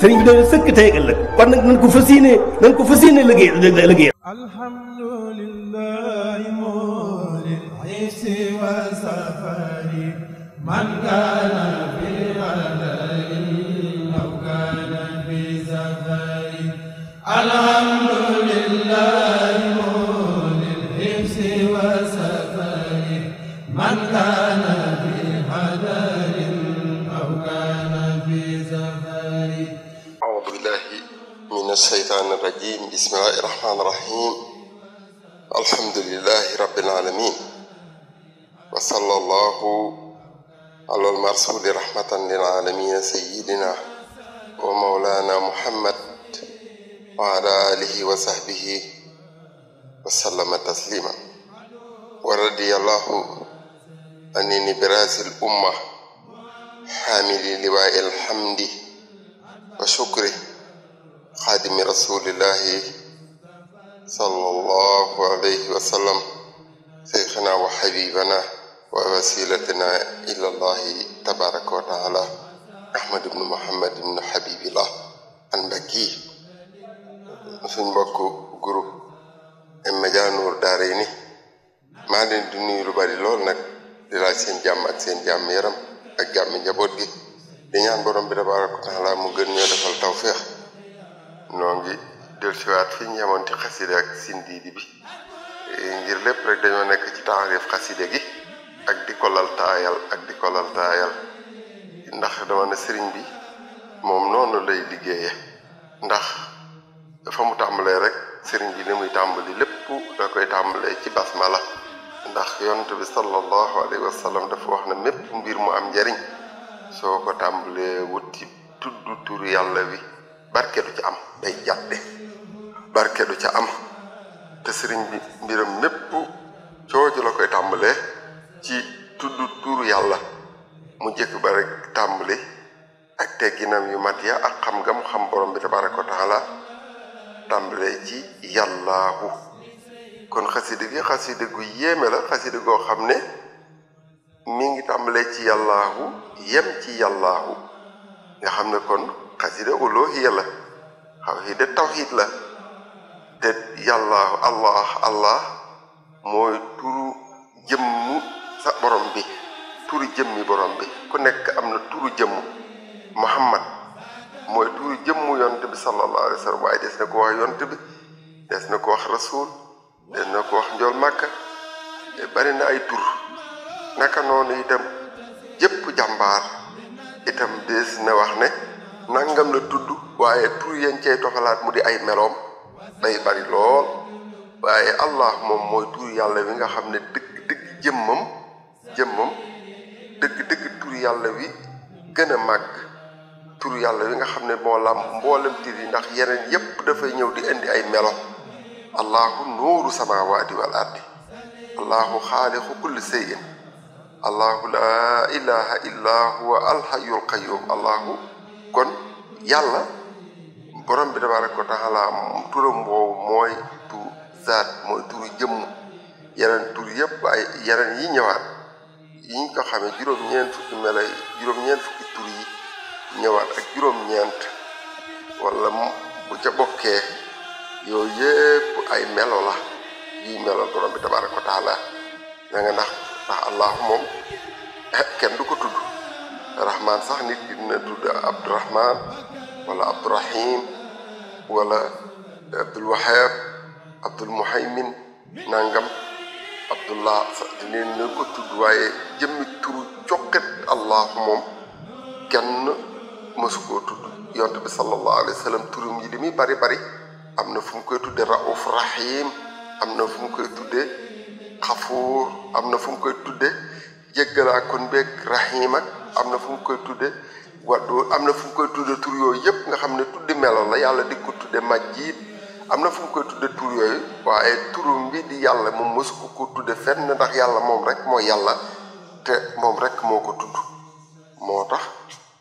sëriñ bi daal sëkk tey ëllëg kon nag nañ ko fas yéene nañ ko fas yéene liggéey liggéey alhamdulillahi mawlid aysi wa safari man kaana fi adari aw kaana fi safari alhamdulillahi الشيطان الرجيم بسم الله الرحمن الرحيم الحمد لله رب العالمين وصلى الله على المرسول رحمة للعالمين سيدنا ومولانا محمد وعلى آله وصحبه وسلم تسليما ورضي الله عن نبراس الأمة حامل لواء الحمد وشكره xaadimi rasulillahi sallallahu alayhi wa sallam seyxana wa xabibana wa wasilatana ila wa taala ahmad ibnu muhammad ibnu xabibillah an mbakki suñ mbokk groupe Média Nour Daarayni maa leen di lu bari lool nag di laaj seen jàmm ak seen jàmm yaram ak jàmmi njaboot gi di ñaan borom bi tabaraka wa taala mu gën ñoo defal tawféex noo ngi dellusiwaat fi ñu yemoon ci xaside ak siin eh, ngir lépp rek dañoo nekk ci taarif xaside gi ndax dama sëriñ bi moom noonu lay liggéeye ndax fa mu tàmbalee rek sëriñ bi ni muy tàmbali lépp da koy tàmbalee ci basmala ndax yonent bi sallallahu alayhi wa sallam dafa wax ne mépp mbir mu am njariñ soo ko tàmbalee wut ci turu yàlla wi barke du ci am day jàdde barke du ca am te sëriñ bi mbiram mépp cooju la koy tàmbalee ci tudd tuuru yàlla mu jëkk ba rek tàmbali ak tegginam yu mat ya ak xam nga mu xam borom bi tabaraka wa tàmbalee ci yàllaahu kon xasida gi xasida gu yéeme la xasida goo xam ne mi ngi tàmbalee ci yàllaahu yem ci yàllaahu nga xam ne kon xasida uluhiya la xasida tawxiid la te yàlla allah allah mooy turu jëmmu sa borom bi turu jëmmi borom bi ku nekk am na turu jëmmu muhammad mooy turu jëmmu yonte bi sallallahu alayhi wa sallam waaye des na ko wax yonte bi des na ko wax rasul des na ko wax njool màkka bari na ay tur naka noonu itam jëpp jàmbaar itam des na wax ne nangam la tudd waaye tur yañ cee toxalaat mu di ay meloom day bari lool waaye allah moom mooy tuur yàlla wi nga xam ne dëgg dëgg jëmmam jëmmam dëgg dëgg tur yàlla wi gën a màgg tur yàlla wi nga xam ne moo làmb mboolem tur yi ndax yeneen yépp dafay ñëw di indi ay melo allahu nuuru samawaati wal ardi allahu xaaliqu kulli shay'in allahu laa ilaha illa huwa alhayyul qayyum allahu kon yàlla borom bi tabaraka ko taala turam boobu mooy tur zaat mooy turu jëmm yeneen tur yëpp ay yeneen yi ñëwaat yi ñu ko xamee juróom-ñeent fukki tur yi ñëwaat ak juróom-ñeent wala bu ca bokkee yooyu yëpp ay melo la yuy melo borom bi tabaraka wa taala da nga ndax allah moom eh, kenn du ko rahman sax nit ki dina tudd abdurahman wala abdurahim wala eh, abdul wahab abdul muhaymin nangam abdullah sax dinañ tudd waaye jëmmi turu coqet allah moom kenn mësu tudd yonte bi sallallahu alayhi wa sallam turum yi bari bari am na fu mu koy tudde rauf rahim am na fu koy tudde xafuur am na fu mu koy tudde jéggalaakoon beeg rahim ak am na fu mu koy tudde waddu am na fu mu koy tudde tur yooyu yëpp nga xam ne tuddi melo la yàlla di ko tudde majjiit am na fu mu koy tudde tur yooyu waaye turum bi di yàlla moom mosu ko ko tudde fenn ndax yàlla moom rek mooy yàlla te moom rek moo ko tudd moo tax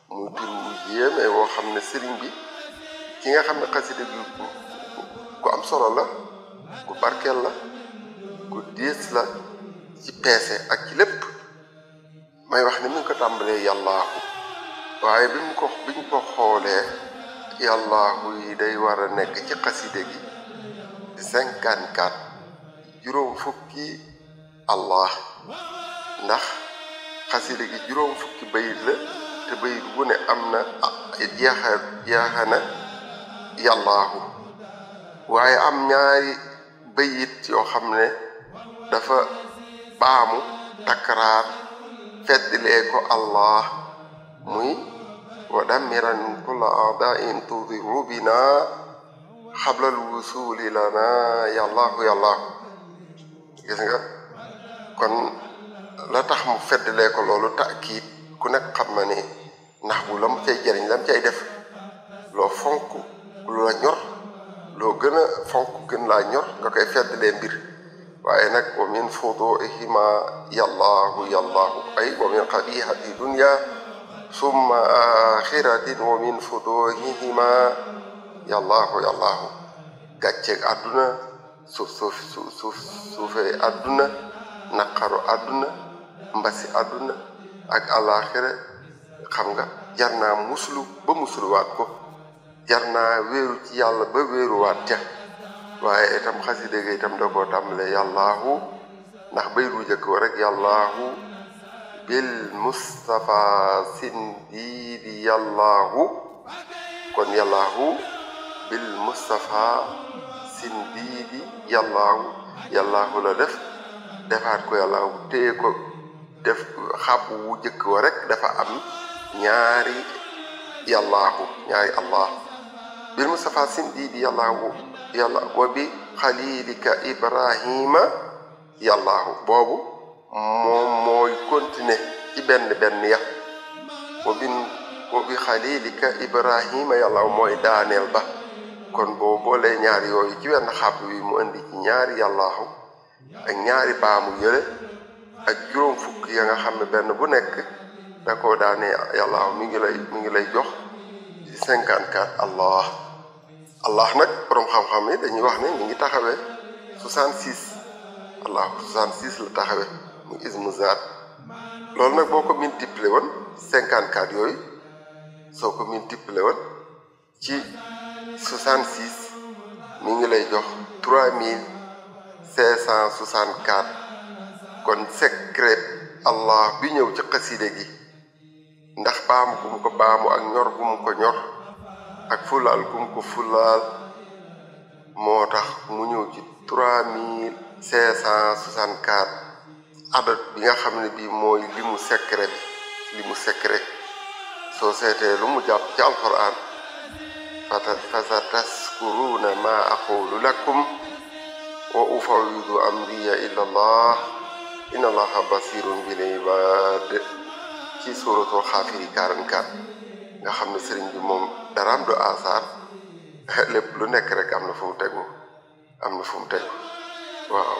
muy tur yéeme woo xam ne sëriñ bi ki nga xam ne xasida gi ku am solo la ku barkeel la ku diis la ci peese ak lépp may wax ni mu ngi ko tàmbalee yàllaahu waaye bi mu ko bi ko xoolee yàllaahu yi day war a nekk ci xaside gi cinquante quatre juróom fukki allah ndax xaside gi juróom fukki bayit la te bayit wu ne am na ah, jeexa jeexa na yàllaahu waaye am ñaari bayit yoo xam ne dafa baamu takraar feddilee ko allah muy wa dammiran kulla a'da'in tudiru bina xablal wusuli lana yàllaahu yàllaahu gis nga kon la tax mu feddalee ko loolu taakiid ku nekk xam na ne ndax bu la mu cay jëriñ la mu def loo fonk lu la ñor loo gën a fonk gën laa ñor nga koy feddalee mbir waaye nag wa min fuduihima yallaahu yallaahu ay wa min qabihati dunya summa axiratin wa min fuduihima yallaahu yallaahu gàcceeg àdduna suuf suuf suuf suufee àdduna naqaru àdduna mbasi àdduna ak àlaaxira xam nga jar naa muslu ba musluwaat ko jar naa wéeru ci yàlla ba wéeruwaat ja waaye itam xasida ga itam da koo tàmbalee yàllaahu ndax bay ru jëkk rek yàllaahu bil mustafa sindiidi yàllaahu kon yàllaahu bil mustafa sindiidi yàllaahu yàllaahu la def defaat ko yàllaahu téye ko def xab wu jëkk wa rek dafa am ñaari yàllaahu ñaari allah bil mustafa sindiidi yàllaahu yàlla wa bi xalilika ibrahima yàllaahu boobu moom mooy continuer ci benn benn ya wa bi wa bi xalilika ibrahima yàllaahu mooy daaneel ba kon boo boolee ñaar yooyu ci wenn xàpp wi mu indi ci ñaari yàllaahu ak ñaari baamu yële ak juróom fukk ya nga xam ne benn bu nekk da koo daanee yàllaahu mi ngi lay mi ngi lay jox 54 allah allah nag borom xam-xam yi dañuy wax ne mi ngi taxawee 66 allah 66 la taxawee mu mu zaat loolu nag boo ko multiplié woon cinquante 54 yooyu soo ko multiplié woon ci 66 mu ngi lay jox 3564 kon secret allah bi ñëw ci xaside gi ndax baamu bu mu ko baamu ak ñor bu mu ko ñor. ak fulaal gum ko fulaal moo tax mu ñëw ci trois mille cinq soixante quatre adat bi nga xam ne bii mooy li mu secret bi mu secret soo seetee lu mu jàpp ci alquran fa sa taskuruuna ma aqulu lakum wa ufawidu amriya ila allah inna allaha basirun bil ibad ci suratul xaafiri 44 nga xam ne sëriñ bi moom daraam du asaar lépp lu nekk rek am na fu mu tegu am na fu mu tegu waaw